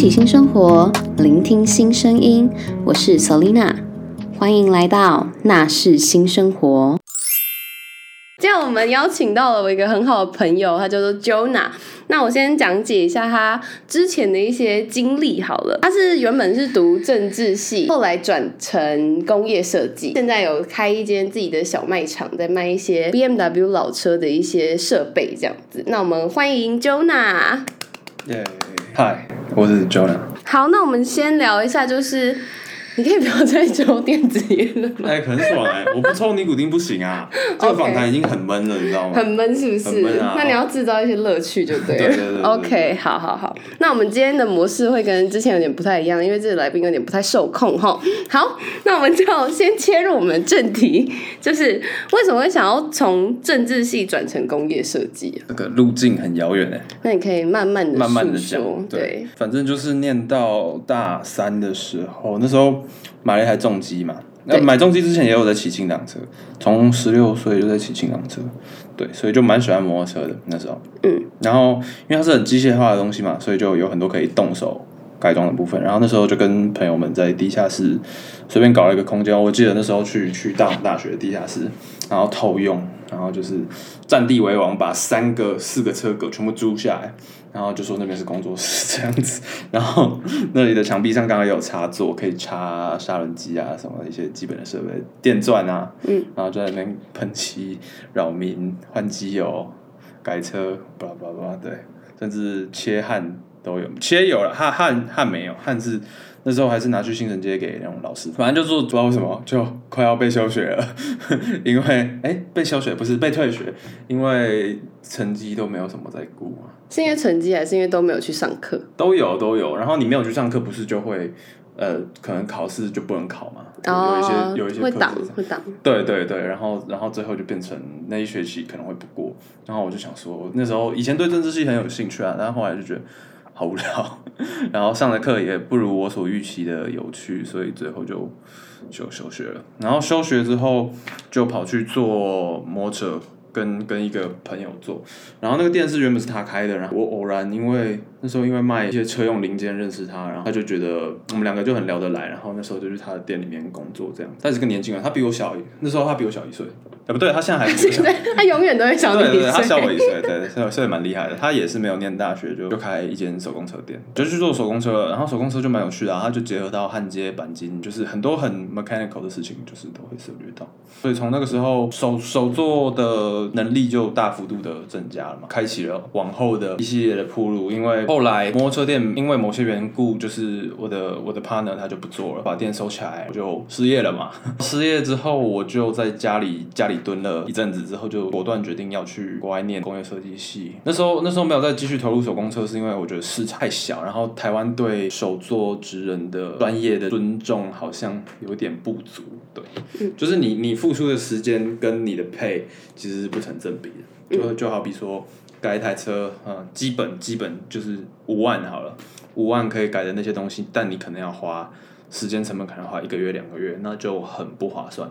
啟新生活，聆聽新聲音，我是 Selina，歡迎來到娜式新生活。今天我們邀請到了我一個很好的朋友，他叫做 Jonah。那我先講解一下他之前的一些經歷好了。他是原本是讀政治系，後來轉成工業設計，現在有開一間自己的小賣場，在賣一些 BMW 老車的一些設備這樣子。那我們歡迎 Jonah。Yeah. Hi，我是 Joanna。好，那我們先聊一下，就是。你可以不要再抽電子菸了嗎。哎、欸，很爽哎、欸！我不抽尼古丁不行啊。 這個訪談已經很悶了，你知道嗎？Okay, 很悶是不是？啊、那你要製造一些樂趣就對了。 對對對對對 OK，好好好。那我們今天的模式會跟之前有點不太一樣，因為這個來賓有點不太受控哈。好，那我們就先切入我們正題，就是為什麼會想要從政治系轉成工業設計？那個路徑很遙遠哎。那你可以慢慢的、慢慢的說。對，反正就是念到大三的時候，那時候。買了一台重機嘛，那、呃、買重機之前也有在騎輕檔車，從十六歲就在騎輕檔車，對，所以就蠻喜歡摩托車的那時候。嗯，然後因為它是很機械化的東西嘛，所以就有很多可以動手改裝的部分。然後那時候就跟朋友們在地下室隨便搞了一個空間，我記得那時候去去大學的地下室，然後偷用。然後就是佔地為王，把三個、四個車格全部租下來，然後就說那邊是工作室這樣子。然後那裡的牆壁上剛剛有插座，可以插砂輪機啊，什麼一些基本的設備、電鑽啊。嗯。然後就在那邊噴漆、擾民、換機油、改車，巴拉巴拉巴拉。對，甚至切焊都有，切有了，焊焊焊沒有，焊是。那時候還是拿去新成街給那種老師，反正就是不知道為什麼，就快要被休學了，呵呵，因為哎、欸、被休學不是被退學，因為成績都沒有什麼在估嘛、啊。是因為成績還是因為都沒有去上課？都有都有，然後你沒有去上課，不是就會呃，可能考試就不能考嘛。哦、有一些有一些會擋會擋，對對對，然後然後最後就變成那一學期可能會不過，然後我就想說，那時候以前對政治系很有興趣啊，然後後來就覺得。好無聊，然後上的課也不如我所預期的有趣，所以最後就就休學了。然後休學之後就跑去做摩車。跟跟一個朋友做，然後那個店是原本是他開的，然後我偶然因為那時候因為賣一些車用零件認識他，然後他就覺得我們兩個就很聊得來，然後那時候就去他的店裡面工作這樣。他也是個年輕人，啊，他比我小，那時候他比我小一歲，哎、啊、不對，他現在還小， 他永遠都會小一歲。對對，對對，他小我一歲，對對，對，小也蠻厲害的。他也是沒有念大學，就就開一間手工車店，就去做手工車。然後手工車就蠻有趣的，啊，他就結合到焊接鈑金，就是很多很 mechanical 的事情，就是都會涉獵到。所以從那個時候手手做的。能力就大幅度的增加了嘛，開啟了往後的一系列的鋪路。因為後來摩托車店因為某些緣故，就是我的我的 partner 他就不做了，把店收起來，我就失業了嘛。 失業之後，我就在家裡家裡蹲了一陣子，之後就果斷決定要去外面念工業設計系。那時候那時候沒有再繼續投入手工車，是因為我覺得市場太小，然後台灣對手作職人的專業的尊重好像有點不足。對，嗯，就是你你付出的時間跟你的 pay 其實。不成正比的，就就好比說，改一台車，嗯，基本基本就是五萬好了，五萬可以改的那些東西，但你可能要花時間成本，可能花一個月兩個月，那就很不划算。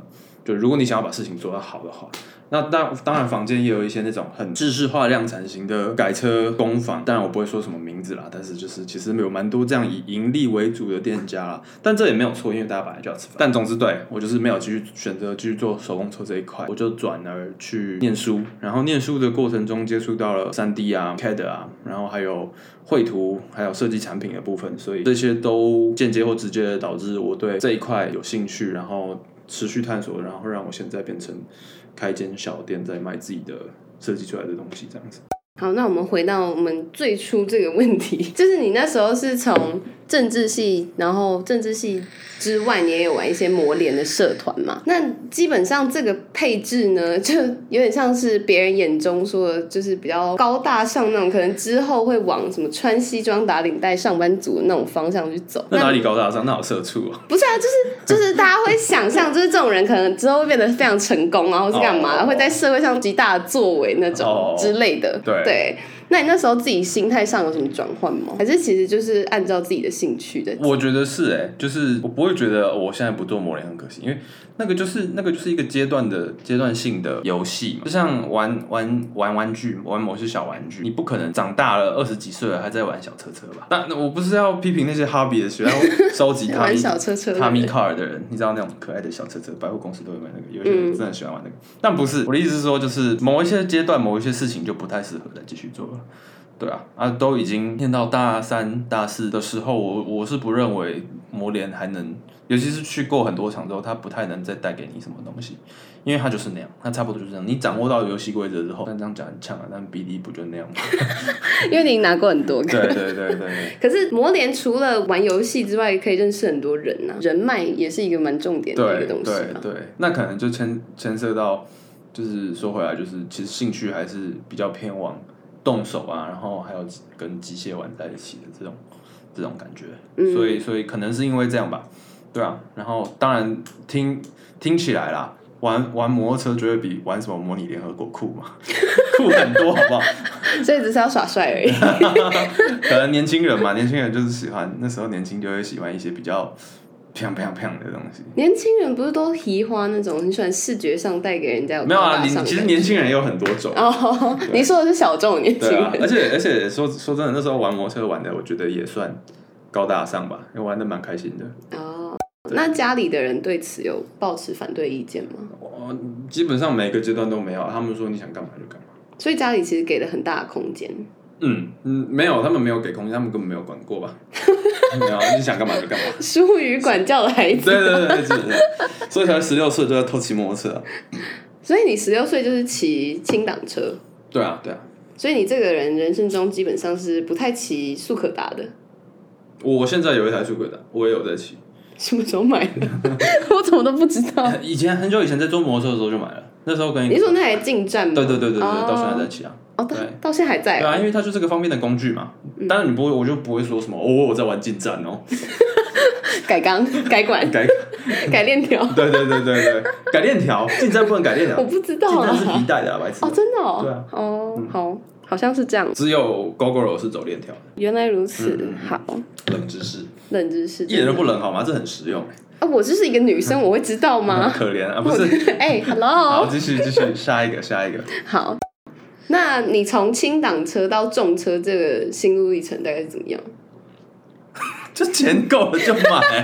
就如果你想要把事情做到好的話，那當當然，坊間也有一些那種很製式化量產型的改車工坊，當然我不會說什麼名字啦，但是就是其實有蠻多這樣以盈利為主的店家啦，但這也沒有錯，因為大家本來就要吃飯。但總之對，對我就是沒有繼續選擇繼續做手工車這一塊，我就轉而去念書，然後念書的過程中接觸到了三 D 啊、CAD 啊，然後還有繪圖，還有設計產品的部分，所以這些都間接或直接導致我對這一塊有興趣，然後。持續探索，然後讓我現在變成開間小店，在賣自己的設計出來的東西，這樣子。好，那我們回到我們最初這個問題，就是你那時候是從。嗯政治系，然後政治系之外你也有玩一些模聯的社團嘛。那基本上這個配置呢，就有點像是別人眼中說的，就是比較高大上那種，可能之後會往什麼穿西裝打領帶上班族的那種方向去走。那哪裡高大上？那好社畜啊！不是啊，就是就是大家會想象，就是這種人可能之後會變得非常成功啊，或是幹嘛，oh. 會在社會上極大的作為那種之類的，oh. 對。對那你那時候自己心態上有什麼轉換嗎？還是其實就是按照自己的興趣的？我覺得是哎、欸，就是我不會覺得我現在不做模聯很可惜，因為。那個就是那個就是一個階段的階段性的遊戲，就像玩玩玩玩具，玩某些小玩具，你不可能長大了二十幾歲了還在玩小車車吧？但我不是要批評那些 hobby 的，喜歡要收集他米 小車車卡米 car 的人，你知道那種可愛的小車車，百貨公司都有賣那個，有些人真的喜歡玩那個。嗯、但不是我的意思，說就是某一些階段，某一些事情就不太適合再繼續做了，對啊啊，都已經念到大三、大四的時候，我我是不認為模聯還能。尤其是去過很多場之後，他不太能再帶給你什麼東西，因為他就是那樣，他差不多就是這樣。你掌握到遊戲規則之後，但這樣講很嗆啊！但比例不就那樣嗎？ 因為你拿過很多個。對對對對。可是魔聯除了玩遊戲之外，可以認識很多人吶、啊，人脈也是一個蠻重點的一個東西。對對對，那可能就牽牽涉到，就是說回來，就是其實興趣還是比較偏往動手啊，然後還有跟機械玩在一起的這種這種感覺，嗯、所以所以可能是因為這樣吧。對啊，然後當然聽聽起來啦，玩玩摩托車絕對比玩什麼模擬聯合國酷嘛，酷很多好不好？ 所以只是要耍帥而已 。可能年輕人嘛，年輕人就是喜歡，那時候年輕就會喜歡一些比較胖胖胖的東西。年輕人不是都喜歡那種很喜歡視覺上帶給人家有沒有啊？你其實年輕人也有很多種哦、Oh。你說的是小眾年輕人、啊，而且而且說說真的，那時候玩摩托車玩的，我覺得也算高大上吧，又玩的蠻開心的。Oh. 那家裡的人對此有抱持反對意見嗎？基本上每個階段都沒有。他們說你想幹嘛就幹嘛，所以家裡其實給了很大的空間。嗯嗯，沒有，他們沒有給空間，他們根本沒有管過吧？ 沒有，你想幹嘛就幹嘛。疏於管教的孩子，對對對,對,對 所以才十六歲就在偷騎摩托車啊。所以你十六歲就是騎輕檔車？對啊，對啊。所以你這個人人生中基本上是不太騎速可達的。我現在有一台速可達，我也有在騎。什麼時候買的？ 我怎麼都不知道。以前很久以前在做摩托車的時候就買了，那時候跟時候你說那台勁戰。對對對對對，哦、到現在在騎啊。哦，對，到現在還在。對啊，因為它就是個方便的工具嘛。嗯、當然你不會，我就不會說什麼，我、哦、我在玩勁戰哦。嗯、 改缸改管、改 改鏈鏈條條。 對對對對對，改鏈條，勁 戰不能改鏈條。我不知道，那是一代的、啊、白痴的。哦，真的哦。對啊。哦，嗯、好，好像是這樣。只有 Gogoro 是走鏈條的。原來如此、嗯，好。冷知識。冷知識一點都不冷好嗎？這很實用。啊，我就是一個女生， 我會知道嗎？可憐啊，不是。哎、就是欸、 ，Hello。好，繼續繼續，下一個下一個。好，那你從輕檔車到重車這個心路歷程大概是怎麼樣？就錢夠了就買啊！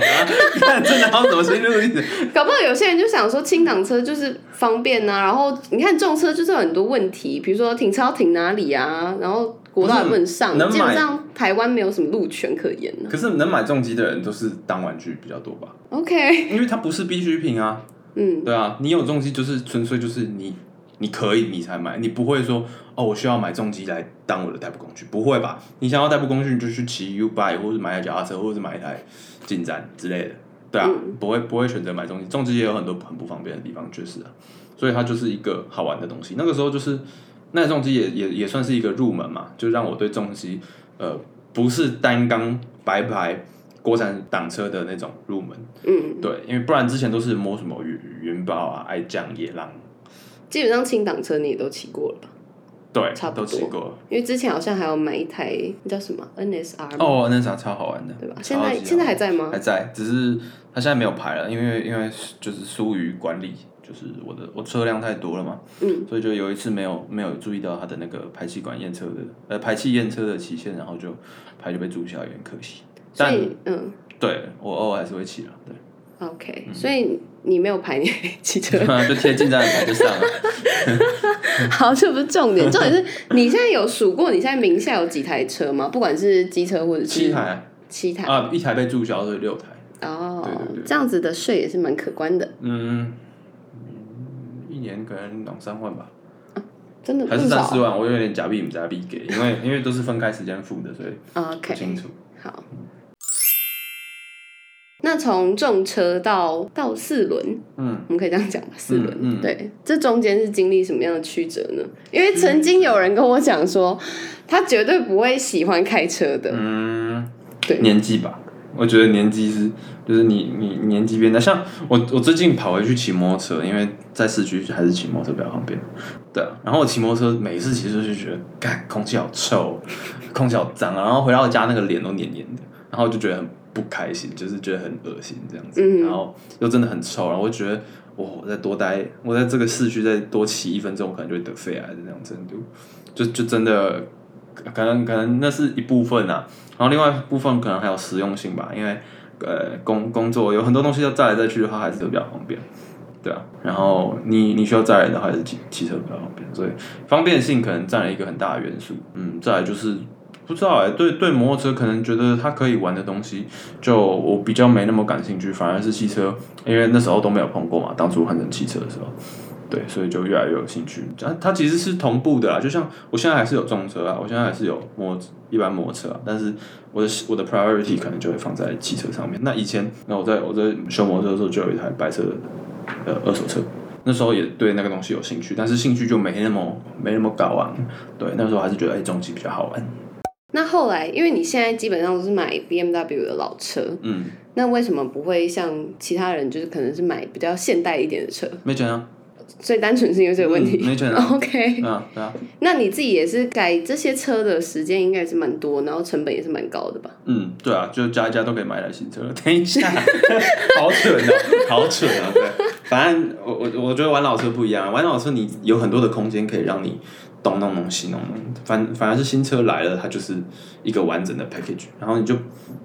你看真的要怎麼進入？搞不好有些人就想說輕檔車就是方便啊。 然後你看重車就是有很多問題，比如說停車要停哪裡啊，然後國道能不能上？能基本上台灣沒有什麼路權可言啊。可是能買重機的人都是當玩具比較多吧？OK，因為它不是必需品啊。嗯，對啊，你有重機就是純粹就是你。你可以，你才買。你不會說哦，我需要買重機來當我的代步工具，不會吧？你想要代步工具，你就去騎 U-Bike 或者買一台腳踏車，或者買一台進站之類的。對啊，嗯、不會不會選擇買重機，重機也有很多很不方便的地方，確實啊。所以它就是一個好玩的東西。那個時候就是那個、重機也也也算是一個入門嘛，就讓我對重機呃不是單缸白牌國產擋車的那種入門。嗯。對，因為不然之前都是摸什麼雲豹啊、愛將、野狼。基本上輕檔車你也都騎過了對，差不多騎過了。因為之前好像還有買一台那叫什麼 NSR 哦、oh，NSR 超好玩的，對吧？現在現在還在嗎？還在，只是它現在沒有牌了，因為因為就是疏於管理，就是我的我車輛太多了嘛，嗯，所以就有一次沒有沒有注意到它的那個排氣管驗車的呃排氣驗車的期限，然後就牌就被註銷，有點可惜。所以但嗯，對我偶爾還是會騎的，對。OK，、嗯、所以你沒有排你的汽車，嗯、就貼進站牌上了。 好，這不是重點，重點是你現在有數過你現在名下有幾台車嗎？不管是機車或者是七台，七台啊，一台被注銷，是六台。哦對對對，這樣子的稅也是蠻可觀的。嗯，一年可能兩三萬吧，啊、真的還是三四萬，啊。我有點假幣不假幣給，因為因為都是分開時間付的，所以、哦、OK，清楚。好。那從重車到到四輪，嗯，我們可以這樣講吧，四輪、嗯嗯。對，這中間是經歷什麼樣的曲折呢？因為曾經有人跟我講說、嗯，他絕對不會喜歡開車的。嗯，對，年紀吧，我覺得年紀是，就是你你，你年紀變大，像我我最近跑回去騎摩托車，因為在市區還是騎摩托車比較方便。對啊，然後我騎摩托車每一次騎車就覺得，哎，空氣好臭，空氣好髒啊，然後回到家那個臉都黏黏的，然後就覺得。不開心，就是覺得很噁心這樣子、嗯，然後又真的很臭，然後我覺得，哇，我再多待，我在這個市區再多騎一分鐘，我可能就會得肺癌的那種程度，就就真的，可能可能那是一部分啊，然後另外一部分可能還有實用性吧，因為，呃，工工作有很多東西要載來載去的話，還是都比較方便，對啊，然後你你需要載人的話，還是騎騎車比較方便，所以方便性可能占了一個很大的元素，嗯，再來就是。不知道哎、欸，對對，摩托車可能覺得它可以玩的東西，就我比較沒那麼感興趣，反而是汽車，因為那時候都沒有碰過嘛。當初換成汽車的時候，對，所以就越來越有興趣。它它其實是同步的啦，就像我現在還是有重車啊，我現在還是有摩一般摩托車啦，但是我的我的 priority 可能就會放在汽車上面。那以前，那我在我在修摩托車的時候，就有一台白色的呃二手車，那時候也對那個東西有興趣，但是興趣就沒那麼沒那麼高啊。對，那時候還是覺得哎重機比較好玩。那後來，因為你現在基本上都是買 BMW 的老車，嗯，那為什麼不會像其他人，就是可能是買比較現代一點的車？沒準啊，所以單純是因為這個問題，嗯、沒準啊。OK，嗯、啊，對啊。那你自己也是改這些車的時間應該也是蠻多，然後成本也是蠻高的吧？嗯，對啊，就加一加都可以買一台新車。等一下，好蠢啊，好蠢啊！對，反正我我我覺得玩老車不一樣，玩老車你有很多的空間可以讓你。東弄弄西弄弄，反反而是新車來了，它就是一個完整的 package，然後你就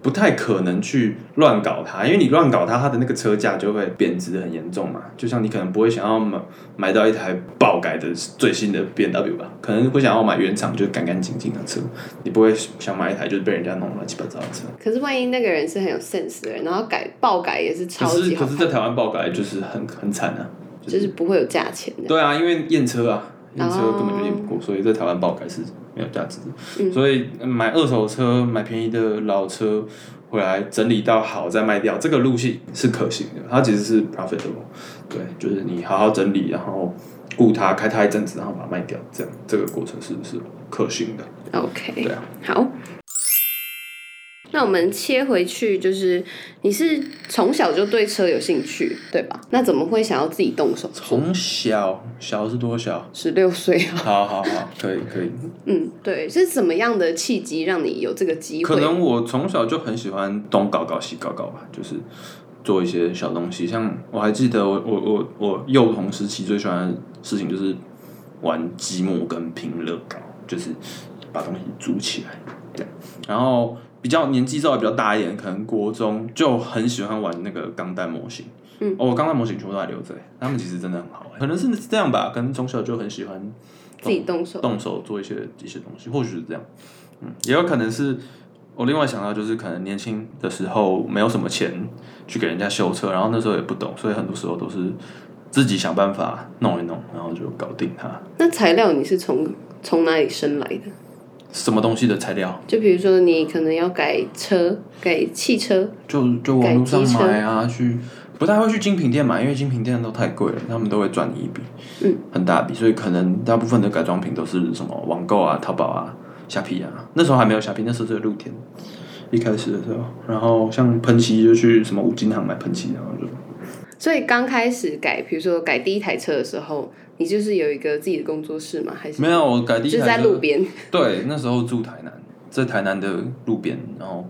不太可能去亂搞它，因為你亂搞它，它的那個車價就會貶值得很嚴重嘛。就像你可能不會想要買買到一台爆改的最新的 BMW 吧，可能會想要買原廠就乾干淨淨的車，你不會想買一台就是被人家弄亂七八糟的車。可是萬一那個人是很有 sense 的人，然後改爆改也是超級好。可是，可是在台灣爆改就是很很慘啊，就是，就是不會有價錢的。對啊，因為驗車啊。因、oh. 車根本就驗不過，所以在台灣爆改是沒有價值的，嗯。所以買二手車，買便宜的老車回來整理到好再賣掉，這個路線是可行的。它其實是 profitable，對，就是你好好整理，然後顧它開它一陣子，然後把它賣掉，這樣這個過程是是可行的。OK，對啊，好。那我們切回去，就是你是從小就對車有興趣，對吧？那怎麼會想要自己動手？從小小是多小？十六歲。好好好，可以可以。嗯，對，是什麼樣的契機讓你有這個機會？可能我從小就很喜歡東搞搞西搞搞吧，就是做一些小東西。像我還記得我，我我我我幼童時期最喜歡的事情就是玩積木跟拼樂高，就是把東西組起來。對、嗯，然後。比較年紀稍微比較大一點，可能國中就很喜歡玩那個鋼彈模型。嗯，哦，鋼彈模型全部都還留著欸。他們其實真的很好、欸，可能是這樣吧，可能從小就很喜歡自己動手動手做一些一些東西，或許是這樣。嗯，也有可能是。我另外想到就是，可能年輕的時候沒有什麼錢去給人家修車，然後那時候也不懂，所以很多時候都是自己想辦法弄一弄，然後就搞定它。那材料你是從從哪裡生來的？什麼東西的材料？就比如說，你可能要改車，改汽車，就就網路上買啊，去不太會去精品店買，因為精品店都太貴了，他們都會賺你一筆，嗯，很大一筆。所以可能大部分的改裝品都是什麼網購啊、淘寶啊、蝦皮啊。那時候還沒有蝦皮，那時候只有露天。一開始的時候，然後像噴漆就去什麼五金行買噴漆，然後就。所以剛開始改，比如說改第一台車的時候，你就是有一個自己的工作室嗎？還是沒有，我改第一台車就是、在路邊。對，那時候住台南，在台南的路邊，然後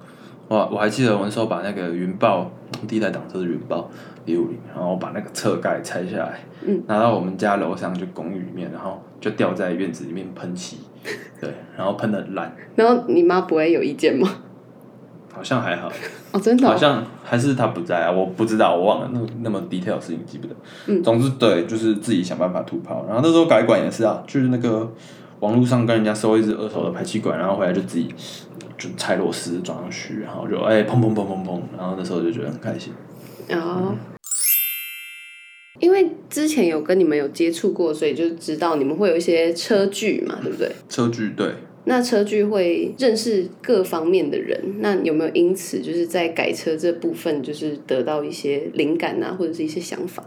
我我還記得我那時候把那個雲豹第一台擋車的雲豹 B 五零，B50, 然後把那個車蓋拆下來，嗯，拿到我們家樓上就公寓裡面，然後就掉在院子裡面噴漆，對，然後噴得很爛。然後你媽不會有意見嗎？好像還好，哦，真的、哦，好像還是他不在啊，我不知道，我忘了，那麼、那麼 detail 事情，記不得。嗯，總之對，就是自己想辦法土炮，然後那時候改管也是啊，就是那個網絡上跟人家收一支二手的排氣管，然後回來就自己就拆螺絲裝上去，然後就哎、欸、砰砰砰砰砰，然後那時候就覺得很開心。哦，嗯、因為之前有跟你們有接觸過，所以就知道你們會有一些車距嘛，對不對？車距對。那車聚會認識各方面的人，那有沒有因此就是在改車這部分就是得到一些靈感啊，或者是一些想法？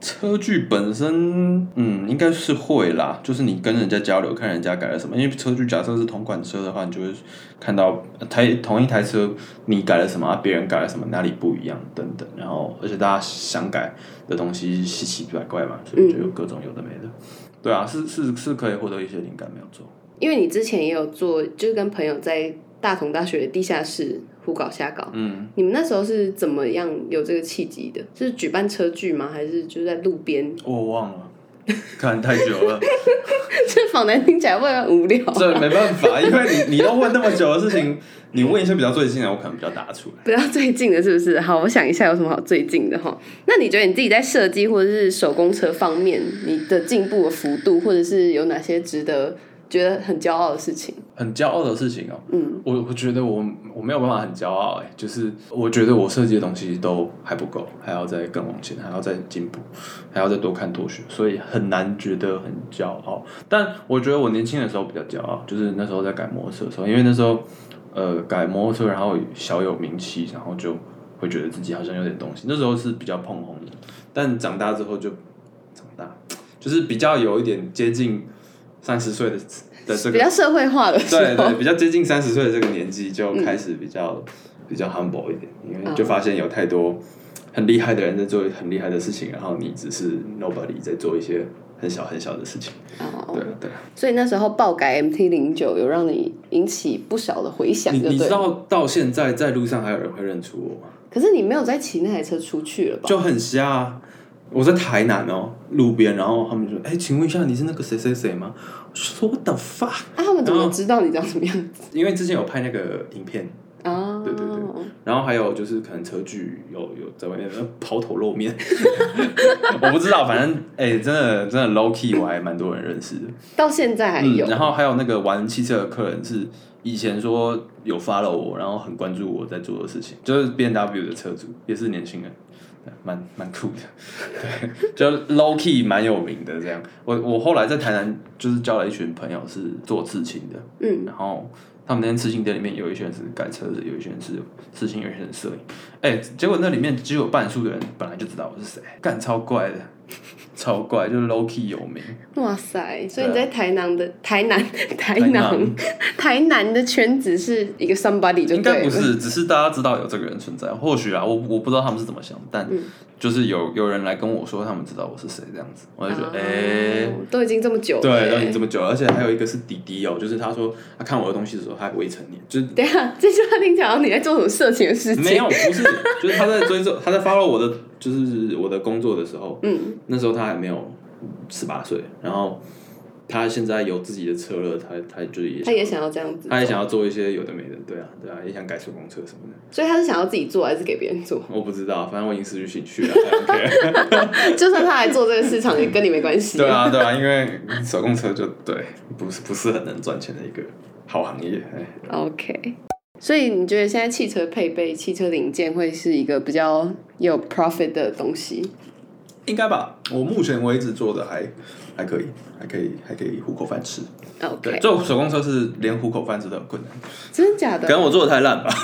車聚本身，嗯，應該是會啦。就是你跟人家交流，看人家改了什麼。因為車聚假設是同款車的話，你就會看到台同一台車你改了什麼，啊、別人改了什麼，哪裡不一樣等等。然後，而且大家想改的東西稀奇古怪嘛，所以就有各種有的沒的。嗯、對啊，是是是可以獲得一些靈感，沒有錯。因為你之前也有做，就是跟朋友在大同大學的地下室胡搞瞎搞。嗯，你們那時候是怎麼樣有這個契機的？是舉辦車聚嗎？還是就在路邊、哦？我忘了，可能太久了。這訪談聽起來會不會很無聊？啊？這沒辦法，因為你你都問那麼久的事情， 你問一些比較最近的，啊，我可能比較答出來。比較最近的是不是？好，我想一下有什麼好最近的哈？那你覺得你自己在設計或者是手工車方面，你的進步的幅度，或者是有哪些值得？覺得很驕傲的事情，很驕傲的事情哦、喔。嗯，我我覺得我我沒有辦法很驕傲、欸，誒,就是我覺得我設計的東西都還不夠，還要再更往前，還要再進步，還要再多看多學，所以很難覺得很驕傲。但我覺得我年輕的時候比較驕傲，就是那時候在改摩托車的時候，因為那時候呃改摩托車然後小有名氣，然後就會覺得自己好像有點東西。那時候是比較碰紅的，但長大之後就長大，就是比較有一點接近。三十歲的，的這個比較社會化的時候，對對，比較接近三十歲的這個年紀就開始比較、嗯、比較 humble 一點，因為就發現有太多很厲害的人在做很厲害的事情，然後你只是 nobody 在做一些很小很小的事情。哦、oh.，對對。所以那時候爆改 MT 零九，有讓你引起不少的迴響。你知道到現在在路上還有人會認出我嗎？可是你沒有再騎那台車出去了吧？就很瞎、啊。我在台南哦，路邊，然後他們就說：“哎、欸，請問一下，你是那個誰誰誰嗎？”我說 What the fuck，那他們怎麼知道你長什麼樣子？因為之前有拍那個影片、oh、對對對，然後還有就是可能車劇有有在外面拋頭露面， 我不知道，反正哎、欸，真的真的 low key 我還蠻多人認識的，到現在還有。嗯、然後還有那個玩汽車的客人，是以前說有 follow 我，然後很關注我在做的事情，就是 BMW 的車主，也是年輕人。蠻蠻酷的，對，就 lowkey 蠻有名的這樣。我我後來在台南就是交了一群朋友是做刺青的，嗯，然後他們那邊刺青店裡面有一些人是改車子，有一些人是刺青，有一些人攝影。哎，結果那裡面只有半數的人本來就知道我是誰，幹超怪的。超怪，就是 low key 有名。哇塞！所以你在台南的、啊、台南台南台南， 台南的圈子是一個 somebody。就對，應該不是，只是大家知道有這個人存在。或許啊，我我不知道他們是怎麼想，但、嗯、就是有有人來跟我說他們知道我是誰這樣子，我就覺得哎、嗯欸，都已經這麼久了，對，都已經這麼久了、欸，而且還有一個是弟弟哦，就是他說他看我的東西的時候，他還未成年，就是等下這句話聽起來好像你在做什麼色情的事情？沒有，不是，就是他在追蹤， 他在 follow 我的。就是我的工作的時候，嗯，那時候他還沒有十八歲，然後他現在有自己的車了，他他就也，他也想要這樣子，他也想要做一些有的沒的，對啊對啊，也想改手工車什麼的。所以他是想要自己做，還是給別人做？我不知道，反正我已經失去興趣了啊。 就算他來做這個市場也跟你沒關係啊。嗯，對啊對啊，因為手工車就對，不是不是很能賺錢的一個好行業。哎，欸，OK。所以你覺得現在汽車配備、汽車零件會是一個比較有 profit 的東西？應該吧。我目前為止做的還、嗯、還可以，還可以，還可以糊口飯吃。哦、okay，對，做手工車是連糊口飯吃都有困難，真的假的？可能我做的太爛吧。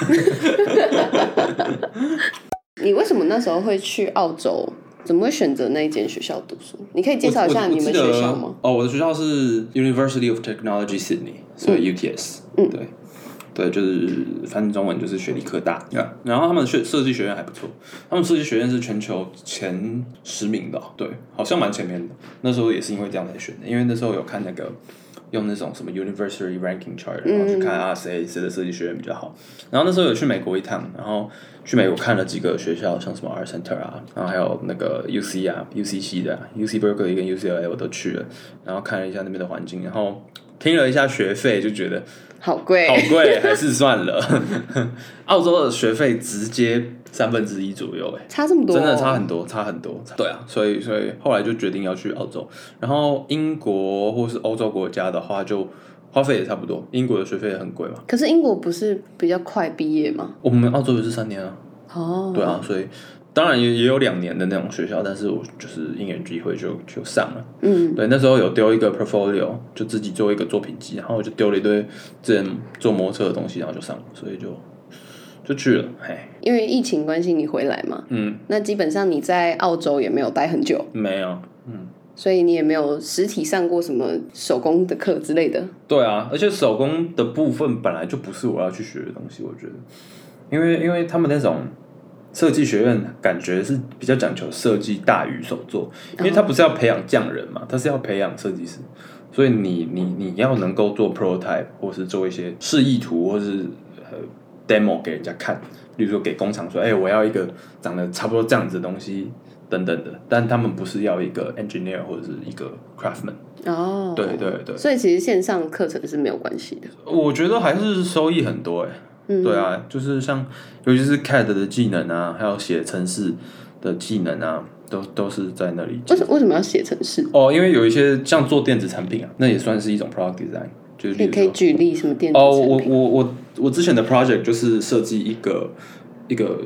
你為什麼那時候會去澳洲？怎麼會選擇那一間學校讀書？你可以介紹一下你們學校嗎？哦，我的學校是 University of Technology Sydney，所以 UTS。嗯，對。嗯對，就是翻譯中文就是學歷科大，嗯、然後他們的學設計學院還不錯，他們設計學院是全球前十名的。哦，對，好像蠻前面的。那時候也是因為這樣才選的，因為那時候有看那個用那種什麼 University Ranking Chart，然後去看啊誰誰的設計學院比較好。然後那時候有去美國一趟，然後去美國看了幾個學校，像什麼 Art Center 啊，然後還有那個 U C 啊、U C C 的、啊、U C Berkeley 跟 U C L A 我都去了，然後看了一下那邊的環境，然後聽了一下學費，就覺得。好貴，好貴， 還是算了。澳洲的學費直接三分之一左右。哎，差這麼多哦？真的差很多，差很多。對啊，所以所以後來就決定要去澳洲。然後英國或是歐洲國家的話，就花費也差不多。英國的學費也很貴嘛。可是英國不是比較快畢業嗎？我們澳洲也是三年啊。哦。對啊，所以。當然也也有兩年的那種學校，但是我就是因緣機會就就上了。嗯，對，那時候有丟一個 portfolio，就自己做一個作品集，然後我就丟了一堆自己做模特的東西，然後就上了，所以就就去了。哎，因為疫情關係，你回來嘛？嗯，那基本上你在澳洲也沒有待很久，沒有、啊，嗯，所以你也沒有實體上過什麼手工的課之類的。對啊，而且手工的部分本來就不是我要去學的東西，我覺得，因為因為他們那種。設計學院感覺是比較講求設計大於手作，因為他不是要培養匠人嘛，Oh. 他是要培養設計師。所以你你你要能夠做 prototype 或是做一些示意圖或是呃 demo 給人家看，例如說給工廠說，哎、欸，我要一個長得差不多這樣子的東西等等的。但他們不是要一個 engineer 或者是一個 craftsman。Oh. 哦，對對對，所以其實線上課程是沒有關係的。我覺得還是收益很多哎、欸。嗯、對啊，就是像，尤其是 CAD 的技能啊，還有寫程式的技能啊，都都是在那裡。為什為什麼要寫程式？哦、oh,，因為有一些像做電子產品啊，那也算是一種 product design 就。就是你可以舉例什麼電子產品？哦、oh,，我我我我之前的 project 就是設計一個一個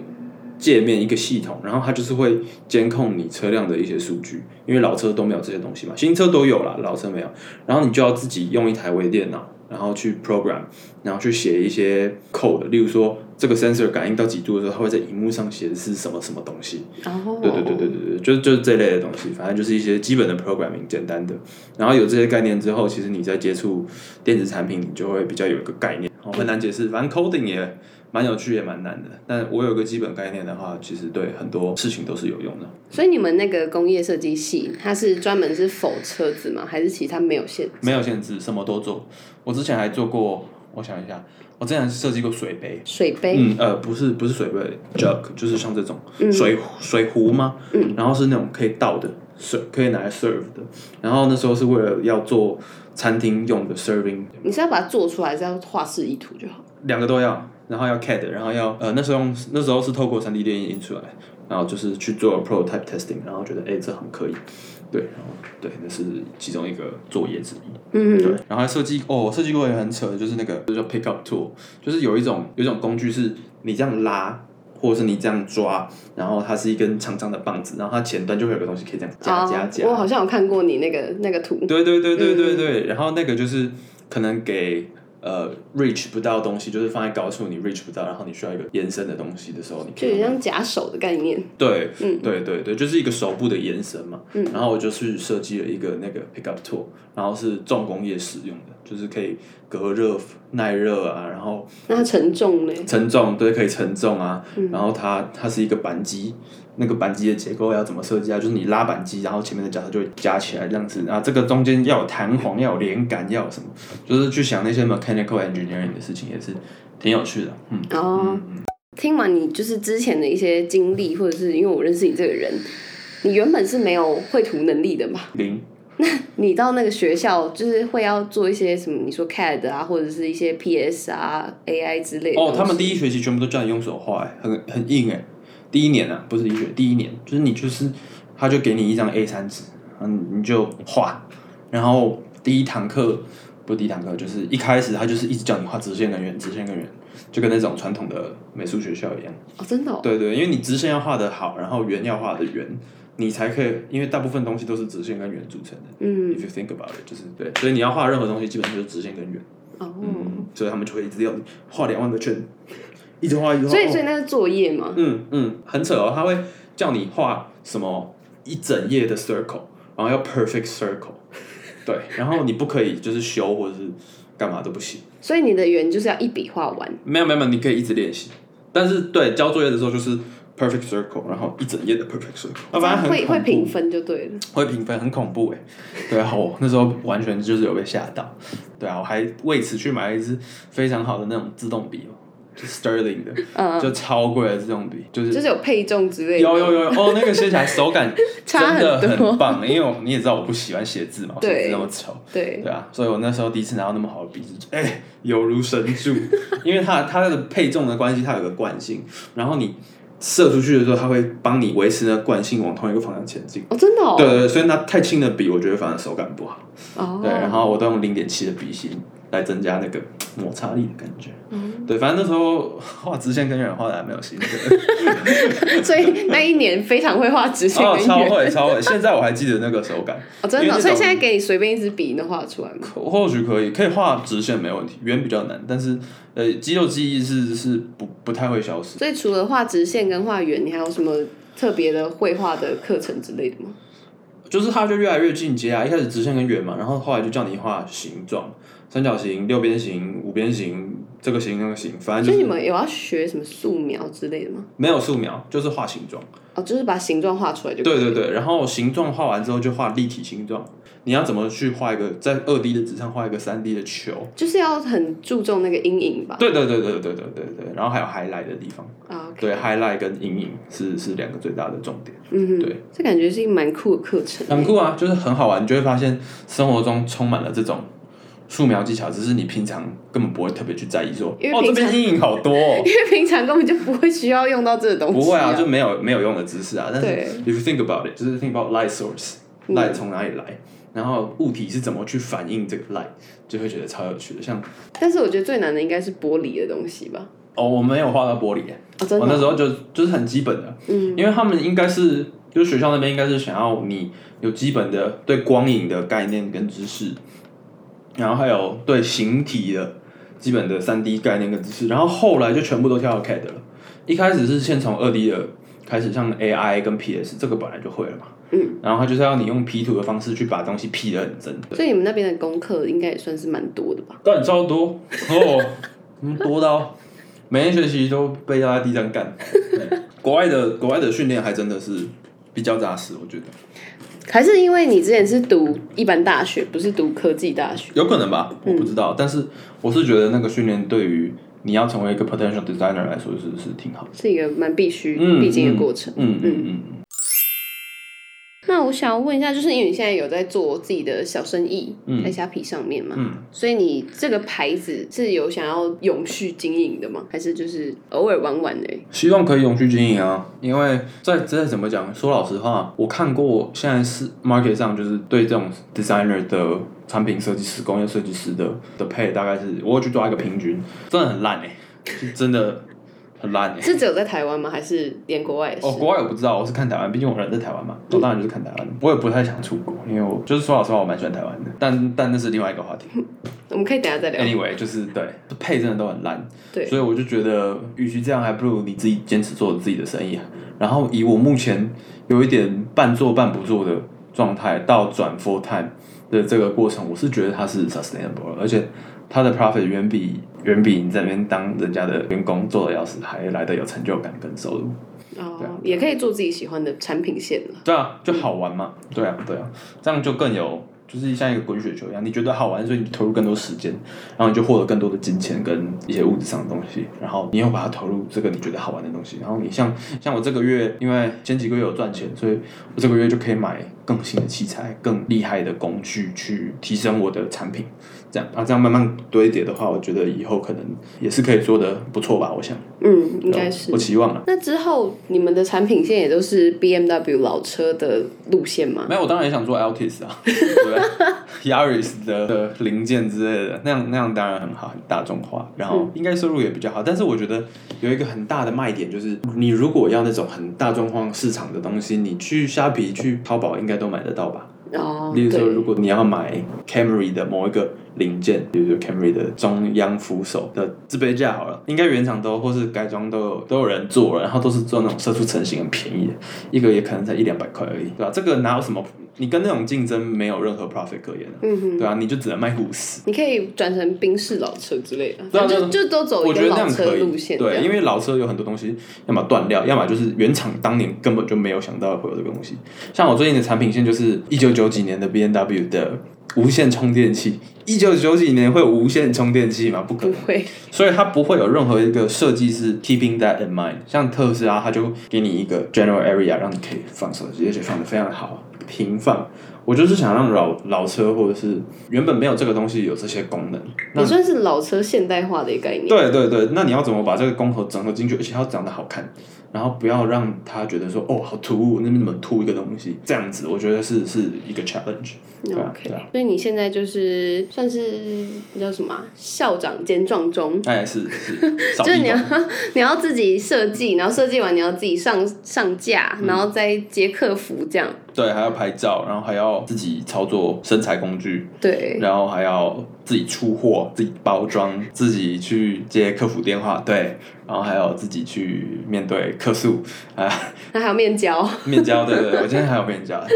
界面一個系統，然後它就是會監控你車輛的一些數據，因為老車都沒有這些東西嘛，新車都有啦，老車沒有，然後你就要自己用一台微電腦。然後去 program，然後去寫一些 code，例如說這個 sensor 感應到幾度的時候，它會在熒幕上寫的是什麼什麼東西。哦。對對對對對對，就是就是這類的東西，反正就是一些基本的 programming，簡單的。然後有這些概念之後，其實你在接觸電子產品，你就會比較有一個概念，很難解釋。反正 coding 也，蠻有趣也蠻難的，但我有個基本概念的話，其實對很多事情都是有用的。所以你們那個工業設計系，它是專門是 for 車子嗎？還是其他沒有限制？沒有限制，什麼都做。我之前還做過，我想一下，我之前設計過水杯，水杯，嗯呃，不是不是水杯 jug、嗯、就是像這種水、嗯、水壺嗎、嗯？然後是那種可以倒的水，可以拿來 serve 的。然後那時候是為了要做餐廳用的 serving。你是要把它做出來，是要畫示意圖就好？兩個都要。然後要 CAD，然後要呃那時候那時候是透過三 D 列印，印出來，然後就是去做 prototype testing，然後覺得哎這很可以，對，然後對那是其中一個作業之一，嗯，對，然後設計哦設計過也很扯，就是那個叫做 pickup tool，就是有一種有一種工具是你這樣拉或者是你這樣抓，然後它是一根長長的棒子，然後它前端就會有個東西可以這樣夾、哦、夾夾，我好像有看過你那個那個圖，對對對對對對，對、嗯，然後那個就是可能給。呃，uh，reach 不到的東西，就是放在高處你 reach 不到，然後你需要一個延伸的東西的時候，你可以就好像假手的概念。對，嗯，對對對，就是一個手部的延伸嘛。嗯，然後我就去設計了一個那個 pick up tool，然後是重工業使用的，就是可以隔熱、耐熱啊，然後那它承重嘞？承重，對，可以承重啊，嗯。然後它它是一個扳機。那個扳機的結構要怎麼設計啊？就是你拉扳機，然後前面的夾頭就夾起來這樣子啊。然後這個中間要有彈簧，要有連桿，要有什麼，就是去想那些 mechanical engineering 的事情，也是挺有趣的。嗯，哦、嗯嗯聽完你就是之前的一些經歷，或者是因為我認識你這個人，你原本是沒有繪圖能力的嘛？零。那你到那個學校，就是會要做一些什麼？你說 CAD 啊，或者是一些 PS 啊，AI 之類的。哦，他們第一學期全部都叫你用手畫、欸，很很硬哎、欸。第一年呢、啊，不是醫學，第一年就是你就是，他就給你一張 A 三紙，嗯，你就畫。然後第一堂課，不，第一堂課就是一開始他就是一直叫你畫直線跟圓，直線跟圓，就跟那種傳統的美術學校一樣。哦，真的、哦？對，對對，因為你直線要畫得好，然後圓要畫得圓，你才可以，因為大部分東西都是直線跟圓組成的。嗯，If you think about it，就是對，所以你要畫任何東西，基本上就是直線跟圓、哦。嗯，所以他們就會一直要畫兩萬個圈。一直畫一直畫，所以所以那是作業嗎？哦、嗯嗯，很扯哦，他會叫你畫什麼一整頁的 circle，然後要 perfect circle， 對，然後你不可以就是修或者是幹嘛都不行。所以你的圓就是要一筆畫完？沒有，沒有沒有，你可以一直練習，但是對交作業的時候就是 perfect circle，然後一整頁的 perfect circle。那反正很會會評分，就對了，會評分很恐怖哎、欸，對啊，我那時候完全就是有被嚇到，對啊，我還為此去買了一支非常好的那種自動筆、喔。Sterling 的，uh, 就超貴的這種筆，就是就是有配重之類的。有有有哦，那個寫起來手感真的很棒， 很因為你也知道我不喜歡寫字嘛，寫字那麼醜。對對啊，所以我那時候第一次拿到那麼好的筆，哎，猶、欸、如神助， 因為它它的配重的關係，它有個慣性，然後你射出去的時候，它會幫你維持那慣性往同一個方向前進。哦，真的，哦？對，對對，所以拿太輕的筆，我覺得反而手感不好。哦、oh.，對，然後我都用零點七的筆芯。來增加那個摩擦力的感覺，嗯、對，反正那時候畫直線跟圓畫的還沒有形成。 所以那一年非常會畫直線。哦，超會超會。現在我還記得那個手感，哦，真的。所以現在給你隨便一支筆，能畫得出來嗎？或許可以，可以畫直線沒問題，圓比較難，但是呃，肌肉記憶是是不不太會消失。所以除了畫直線跟畫圓，你還有什麼特別的繪畫的課程之類的嗎？就是它就越來越進階啊！一開始直線跟圓嘛，然後後來就叫你畫形狀，三角形、六邊形、五邊形。這個形狀型反正，就是，就你們有要學什麼素描之類的嗎？沒有素描，就是畫形狀。哦，就是把形狀畫出來就對對對。然後形狀畫完之後就畫立體形狀。你要怎麼去畫一個在二 D 的紙上畫一個三 D 的球？就是要很注重那個陰影吧？對對對對對對對對。然後還有 highlight 的地方啊，okay. 對 highlight 跟陰影是是兩個最大的重點。嗯哼，對，這感覺是一個蠻酷的課程。很酷啊，就是很好玩，你就會發現生活中充滿了這種。素描技巧，只是你平常根本不會特別去在意說，因為，哦，這邊陰影好多。哦，因為平常根本就不會需要用到這個東西。啊，不會啊，就沒有沒有用的知識啊。但是 if you think about it，就是 think about light source，light 從、嗯、哪裡來，然後物體是怎麼去反映這個 light，就會覺得超有趣的。像但是我覺得最難的應該是玻璃的東西吧？哦，我沒有畫到玻璃。哦，我那時候就就是很基本的，嗯，因為他們應該是就是學校那邊應該是想要你有基本的對光影的概念跟知識。然後還有對形體的基本的三 D 概念跟知識，然後後來就全部都跳到 CAD 了。一開始是先從二 D 的開始，像 AI 跟 PS，這個本來就會了嘛。嗯，然後他就是要你用 P 圖的方式去把東西 P 得很真的。所以你們那邊的功課應該也算是蠻多的吧？當然超多哦， 多到每天學習都被壓在地上幹。國外的國外的訓練還真的是比較紮實，我覺得。還是因為你之前是讀一般大學，不是讀科技大學？有可能吧，我不知道。嗯、但是我是覺得那個訓練對於你要成為一個 potential designer 來說，就是，是是挺好的，是一個蠻必須、嗯、必經的過程。嗯嗯嗯。嗯嗯那我想要問一下，就是因為你現在有在做自己的小生意、嗯、在蝦皮上面嘛、嗯，所以你這個牌子是有想要永續經營的嗎？還是就是偶爾玩玩嘞、欸？希望可以永續經營啊！因為再再怎麼講，說老實話，我看過現在是 market 上，就是對這種 designer 的產品設計師、工業設計師的的 pay，大概是我會去抓一個平均，真的很爛哎、欸，真的。 很爛欸，是只有在台灣嗎？還是連國外也是？哦，國外我不知道，我是看台灣，畢竟我人在台灣嘛，我、哦、當然就是看台灣。我也不太想出國，因為我就是說老實話，我蠻喜歡台灣的。但但那是另外一個話題， 我們可以等一下再聊。Anyway，就是對 pay 真的都很爛，對，所以我就覺得與其這樣，還不如你自己堅持做自己的生意啊。然後以我目前有一點半做半不做的狀態到轉 full time 的這個過程，我是覺得它是 sustainable，而且。他的 profit 遠比遠比你在那邊當人家的員工做的要死，還來得有成就感跟收入。哦、oh，也可以做自己喜歡的產品線了。對啊，就好玩嘛。對啊，對啊，這樣就更有，就是像一個滾雪球一樣。你覺得好玩，所以你投入更多時間，然後你就獲得更多的金錢跟一些物質上的東西，然後你又把它投入這個你覺得好玩的東西。然後你像像我這個月，因為前幾個月有賺錢，所以我這個月就可以買更新的器材、更厲害的工具，去提升我的產品。這樣啊，這樣慢慢堆疊的話，我覺得以後可能也是可以做得不錯吧。我想，嗯，應該是、嗯、我期望了。那之後你們的產品線也都是 BMW 老車的路線嗎？沒有，我當然也想做 Altis 啊 ，Yaris 的零件之類的。那樣那樣當然很好，很大眾化，然後應該收入也比較好、嗯。但是我覺得有一個很大的賣點就是，你如果要那種很大眾化市場的東西，你去蝦皮去淘寶應該都買得到吧？啊、哦，例如說，如果你要買 Camry 的某一個。零件，比如說 Camry 的中央扶手的置杯架，好了，應該原廠都或是改裝都有都有人做了，然後都是做那種射出成型，很便宜的，一個也可能才一兩百塊而已，對吧、啊？這個哪有什麼？你跟那種競爭沒有任何 profit 可言的，嗯對啊，你就只能賣五十。你可以轉成賓士老車之類的，對、啊，就就,就都走一個老車路線，對，因為老車有很多東西，要麼斷料，要麼就是原廠當年根本就沒有想到會有這個東西。像我最近的產品線就是一九九幾年的 B M W 的。無線充電器，一九九幾年會有無線充電器嗎？不可能，不會，所以它不會有任何一個設計師 keeping that in mind。像特斯拉，它就給你一個 general area，讓你可以放手機，而且放得非常好，平放。我就是想讓老老車或者是原本沒有這個東西有這些功能，也算是老車現代化的一個概念。對對對，那你要怎麼把這個功能整合進去，而且它要長得好看，然後不要讓他覺得說哦，好突兀，那邊怎麼突一個東西？這樣子，我覺得是是一個 challenge。OK，對、啊對啊、所以你現在就是算是叫什麼、啊、校長兼撞鐘，哎、欸、是是，是 就是你要你要自己設計，然後設計完你要自己上上架，然後再接客服這樣、嗯。對，還要拍照，然後還要自己操作生財工具，對，然後還要自己出貨、自己包裝、自己去接客服電話，對，然後還要自己去面對客訴，哎、啊，那還有面交，面交對對對，我現在還有面交。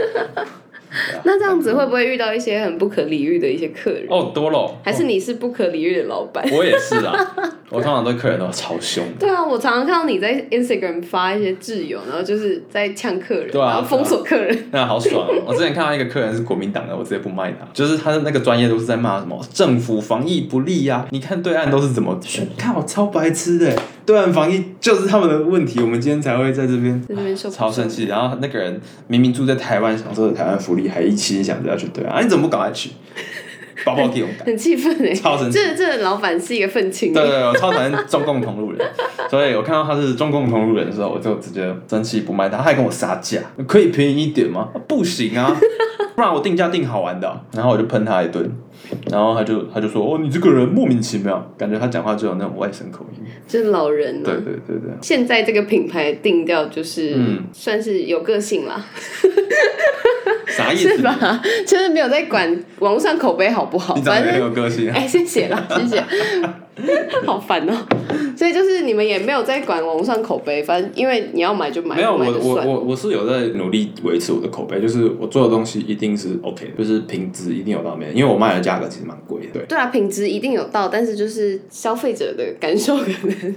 啊、那這樣子會不會遇到一些很不可理喻的一些客人？哦，多咯、哦、還是你是不可理喻的老闆？我也是啊。 我常常對客人都超凶的。對啊，我常常看到你在 Instagram 發一些摯友，然後就是在嗆客人，封鎖客人。對啊，啊 那好爽、喔！我之前看到一個客人是國民黨的，我直接不賣他。就是他的那個專業都是在罵什麼政府防疫不力呀、啊？你看對岸都是怎麼去？看、欸、我超白痴的、欸，對岸防疫就是他們的問題，我們今天才會在這邊。在那邊受、啊、超生氣。然後那個人明明住在台灣，享受台灣福利，還一心想着要去對岸。啊，你怎麼不趕快去？包包這種很，很氣憤哎、欸，超生氣！ 這這老板是一個憤青，對對對，我超討厭中共同路人。 所以我看到他是中共同路人的時候，我就直接生氣不賣他，他還跟我殺價，可以便宜一點嗎？啊、不行啊， 不然我定價定好玩的、啊。然後我就噴他一頓。然後他就他就說哦你這個人莫名其妙，感覺他講話就有那種外省口音，就是、老人。對對對對。現在這個品牌定調就是，嗯、算是有個性啦，啥意思是吧？就是沒有在管網絡上口碑好不好，你反正很有個性、啊。哎，謝謝啦，謝謝。 好煩哦，所以就是你們也沒有在管網絡上口碑，反正因為你要買就買，沒有買我我我我是有在努力維持我的口碑，就是我做的東西一定是 OK 就是品質一定有到面，因為我賣的。價格其實蠻貴的，對對啊，品質一定有到，但是就是消費者的感受可能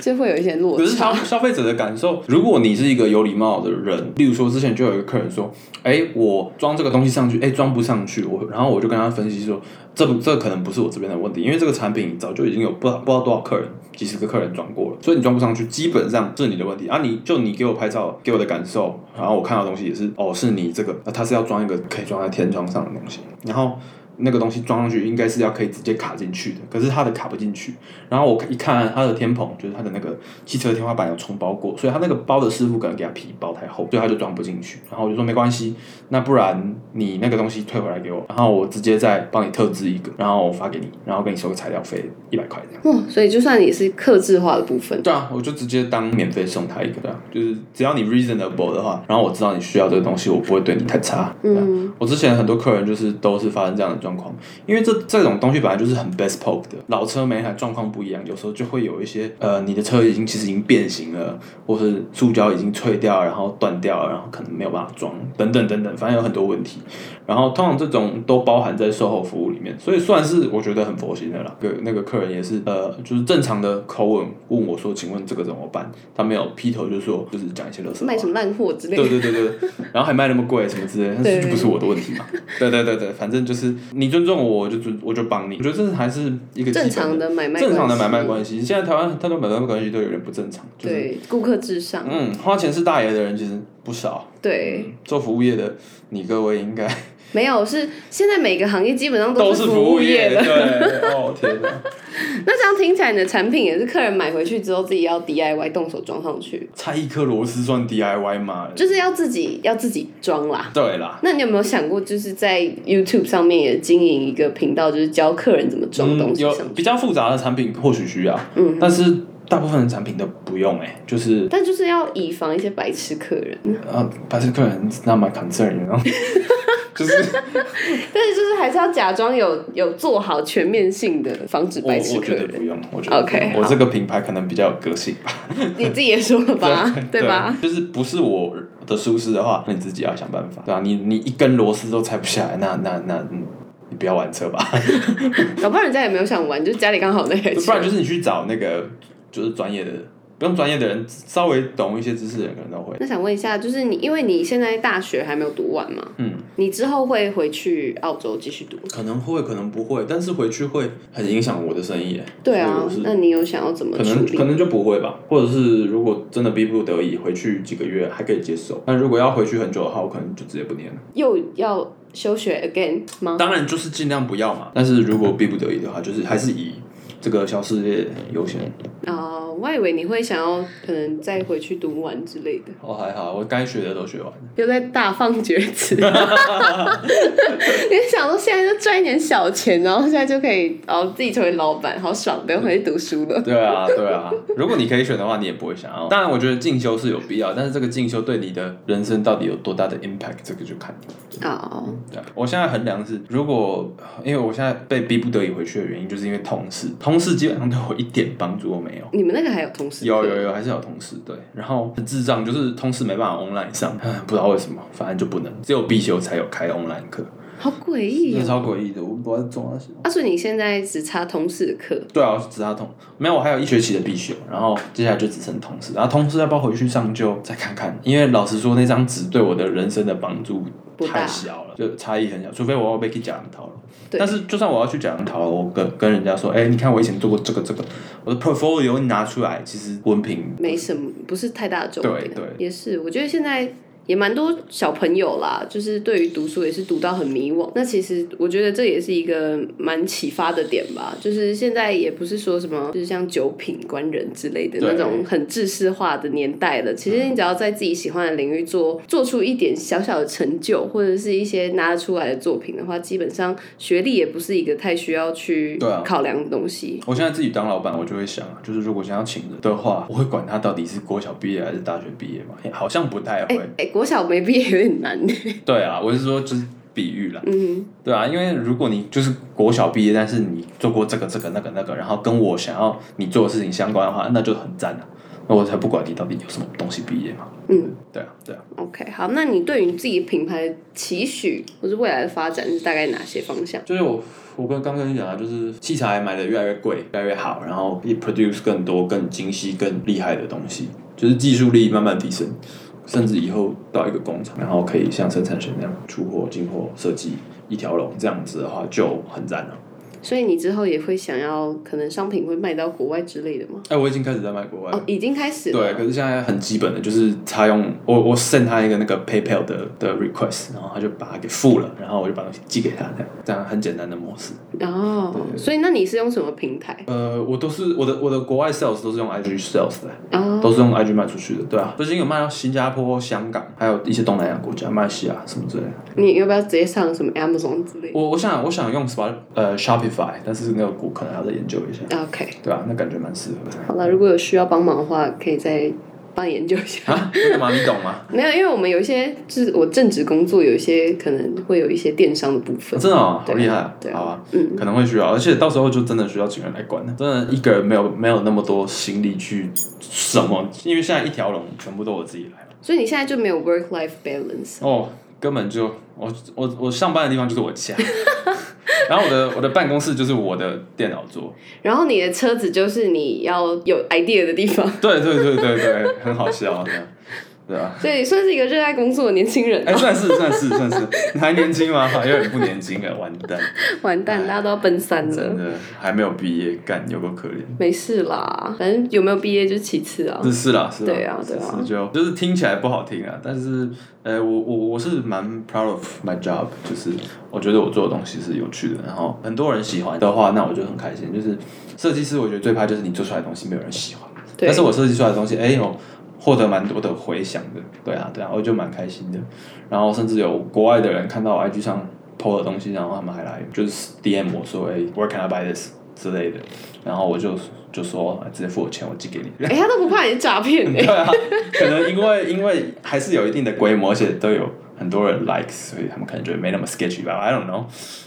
就會有一些落差。不是消消費者的感受，如果你是一個有禮貌的人，例如說之前就有一個客人說：“哎，我裝這個東西上去，哎，裝不上去。”我然後我就跟他分析說：“這不，這可能不是我這邊的問題，因為這個產品早就已經有不知道不知道多少客人幾十個客人裝過了，所以你裝不上去，基本上是你的問題啊！你就你給我拍照，給我的感受，然後我看到的東西也是哦、喔，是你這個，啊，他是要裝一個可以裝在天窗上的東西，然後。”那個東西裝上去應該是要可以直接卡進去的，可是他的卡不進去。然後我一看他的天棚，就是他的那個汽車天花板有重包過，所以他那個包的師傅可能給他皮包太厚，所以他就裝不進去。然後我就說沒關係，那不然你那個東西退回來給我，然後我直接再幫你特製一個，然後我發給你，然後給你收個材料費一百塊這樣。哇、哦，所以就算你是克制化的部分？對啊，我就直接當免費送他一個。對、啊、就是只要你 reasonable 的話，然後我知道你需要這個東西，我不會對你太差。啊、嗯，我之前很多客人就是都是發生這樣的狀。狀況，因為這這種東西本來就是很 bespoke 的，老車每台狀況不一樣，有時候就會有一些呃，你的車已經其實已經變形了，或是塑膠已經脆掉了，然後斷掉了，然後可能沒有辦法裝，等等等等，反正有很多問題。然後通常這種都包含在售後服務裡面，所以算是我覺得很佛心的了、那個。那個客人也是呃，就是正常的口吻問我說：“請問這個怎麼辦？”他沒有劈頭就說，就是講一些什麼賣什麼爛貨之類的。對對對對，然後還賣那麼貴什麼之類的，那 就不是我的問題嘛？對對對對，反正就是。你尊重我，我就尊，我就幫你。我覺得這是還是一個正常的買賣，正常的買賣關係。現在台灣，很多買賣關係都有點不正常，就是。對，顧客至上。嗯，花錢是大爺的人其實不少。對，嗯，做服務業的，你各位應該。沒有，是現在每個行業基本上都是服務業的。對，哦天哪！ 那這樣聽起來，你的產品也是客人買回去之後自己要 DIY 動手裝上去，拆一顆螺絲算 DIY 嘛？就是要自己要自己裝啦。對啦。那你有沒有想過，就是在 YouTube 上面也經營一個頻道，就是教客人怎麼裝東西，嗯。有比較複雜的產品或許需要，嗯，但是大部分的產品都不用哎、欸，就是但就是要以防一些白痴客人。啊、uh,，白痴客人 is not my concern, you know? 就是， 但是就是還是要假裝有有做好全面性的防止白痴客人。我，我覺得不用，我覺得 OK。我這個品牌可能比較有個性吧。 你自己也說了吧，對，對吧對？就是不是我的舒適的話，那你自己要想辦法，對吧、啊？你你一根螺絲都拆不下來，那那那，你不要玩車吧。 老不人家也沒有想玩，就家裡剛好那個，不然就是你去找那個就是專業的。不用專業的人，稍微懂一些知識的人可能都會。那想問一下，就是你，因為你現在大學還沒有讀完嘛？嗯。你之後會回去澳洲繼續讀？可能會，可能不會，但是回去會很影響我的生意耶。對啊，那你有想要怎麼處理？可能可能就不會吧，或者是如果真的逼不得已回去幾個月還可以接受，但如果要回去很久的話，我可能就直接不念了。又要休學 again 嗎？當然就是儘量不要嘛，但是如果逼不得已的話，就是還是以。這個小世界很悠閒啊！uh, 我以為你會想要可能再回去讀完之類的？哦，還好，我該學的都學完了，又在大放厥詞。 你想到現在就賺一點小錢，然後現在就可以哦自己成為老闆，好爽，不用回去讀書了。對啊，對啊。如果你可以選的話，你也不會想要。當然，我覺得進修是有必要，但是這個進修對你的人生到底有多大的 impact，這個就看你。哦、oh. 嗯，對，我現在衡量是，如果因為我現在被逼不得已回去的原因，就是因為同事同。通識基本上對我一點幫助都沒有。你們那個還有通識是不是？有有有，還是有通識，對。然後智障就是，通識沒辦法 online 上，不知道為什麼，反正就不能。只有必修才有開 online 課。好詭異、喔！是超詭異的，我不知道在中央系。阿、啊、叔，你現在只差通識的課？對啊，我只差通沒有，我還有一學期的必修，然後接下來就只剩通識。然後通識要不回去上就再看看。因為老實說，那張紙對我的人生的幫助太小了，就差異很小。除非我要被去講了對。但是就算我要去講，我跟跟人家說，哎、欸，你看我以前做過這個這個，我的 portfolio 你拿出來。其實文憑沒什麼，不是太大的重點。對，也是，我覺得現在。也蠻多小朋友啦，就是對於讀書也是讀到很迷惘。那其實我覺得這也是一個蠻啟發的點吧。就是現在也不是說什麼就是像九品官人之類的那種很制式化的年代了。其實你只要在自己喜歡的領域做做出一點小小的成就，或者是一些拿得出來的作品的話，基本上學歷也不是一個太需要去對啊考量，的東西，啊。我現在自己當老闆，我就會想，就是如果想要請人的話，我會管他到底是國小畢業還是大學畢業嗎？好像不太會。欸欸國小沒畢業有點難、欸、對啊，我是說就是比喻了。嗯，對啊，因為如果你就是國小畢業，但是你做過這個這個那個那個，然後跟我想要你做的事情相關的話，那就很讚了。那我才不管你到底有什麼東西畢業嘛。嗯，對啊，對啊。啊、OK，好，那你對於自己品牌的期許或是未來的發展大概哪些方向？就是我我剛剛跟你講了，就是器材買的越來越貴，越來越好，然後也 produce 更多更精細更厲害的東西，就是技術力慢慢提升。甚至以後到一個工廠，然後可以像生產線那樣出貨、進貨、設計一條龍，這樣子的話就很讚了。所以你之後也會想要可能商品會賣到國外之類的嗎？哎、欸，我已經開始在賣國外了哦，已經開始了對。可是現在很基本的就是他用我我 send 他一個那個 PayPal 的的 request，然後他就把它給付了，然後我就把東西寄給他，這樣這樣很簡單的模式哦。所以那你是用什麼平台？呃，我都是我的我的國外 sales 都是用 IG sales 的、哦、都是用 IG 賣出去的，對啊。最近有賣到新加坡、香港，還有一些東南亞國家，馬來西亞什麼之類的。你要不要直接上什麼 Amazon 之類的？我我想我想用什麼呃 shopping。但是那個股，可能要再研究一下。OK，對吧、啊？那感覺蠻適合的。好了，如果有需要幫忙的話，可以再幫你研究一下。幹嘛？你懂嗎？ 沒有，因為我們有一些，就是我正職工作有一些，可能會有一些電商的部分。喔、真的、喔，好厲害啊！對，啊，對啊，好啊，嗯，可能會需要，而且到時候就真的需要請人來管了。真的，一個人沒有沒有那麼多心力去什麼，因為現在一條龍全部都我自己來了。 所以你現在就沒有 work life balance？哦、oh，根本就我我我上班的地方就是我家。 然後我的我的辦公室就是我的電腦桌，然後你的車子就是你要有 idea 的地方。對對對對對， 很好笑這樣。對吧、啊？這算是一個熱愛工作的年輕人、啊。哎、欸，算是算是算是，你還年輕嗎？有點不年輕完蛋！完蛋，大家都要奔三了。還沒有畢業，幹，有夠可憐。沒事啦，反正有沒有畢業就其次啊。是,是啦，是吧？對啊，對啊。就就是聽起來不好聽啊，但是，呃、欸，我我我是蠻 proud of my job，就是我覺得我做的東西是有趣的，然後很多人喜歡的話，那我就很開心。就是設計師，我覺得最怕就是你做出來的東西沒有人喜歡，對但是我設計出來的東西，哎、欸、呦。我獲得蠻多的迴響的，對啊，對啊，我就蠻開心的。然後甚至有國外的人看到我 IG 上 PO 的東西，然後他們還來就是 DM 我說，哎、hey，Where can I buy this 之類的，然後我就就說直接付我錢，我寄給你。哎、欸，他都不怕你詐騙、欸？ 對啊，可能因為因為還是有一定的規模，而且都有。很多人 like，所以他們可能覺得沒那麼 sketchy 吧，I don't know，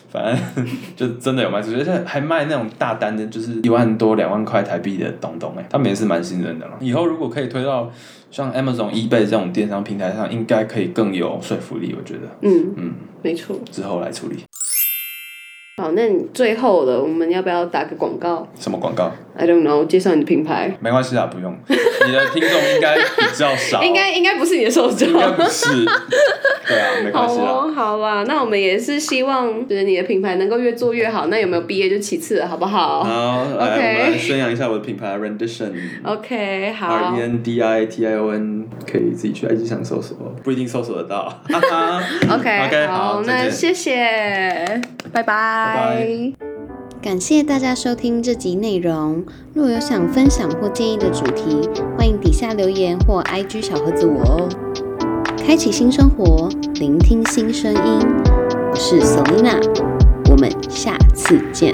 反正 就真的有賣，現在還賣那種大單的，就是一萬多、兩萬塊台幣的東東哎、欸，他們也是蠻信任的嘛。以後如果可以推到像 Amazon、eBay 這種電商平台上，應該可以更有說服力，我覺得。嗯嗯，沒錯。之後來處理。好，那你最後的，我們要不要打個廣告？什麼廣告？I don't know。介紹你的品牌？沒關係啊，不用。 你的聽眾應該比較少。 應該應該不是你的受眾。是。 對啊，沒關係好啊、哦，那我們也是希望就是你的品牌能夠越做越好。那有沒有畢業就其次，了，好不好？好，okay. 我們宣揚一下我的品牌 rendition。R E N D I T I O N OK，好。R E N D I T I O N，可以自己去 I G 上搜索、哦，不一定搜索得到。 OK OK，好，好那謝謝，拜拜。Bye，感謝大家收聽這集內容。若有想分享或建議的主題，歡迎底下留言或 IG 小盒子我哦。開啟新生活，聆聽新聲音，我是 Solina，我們下次見。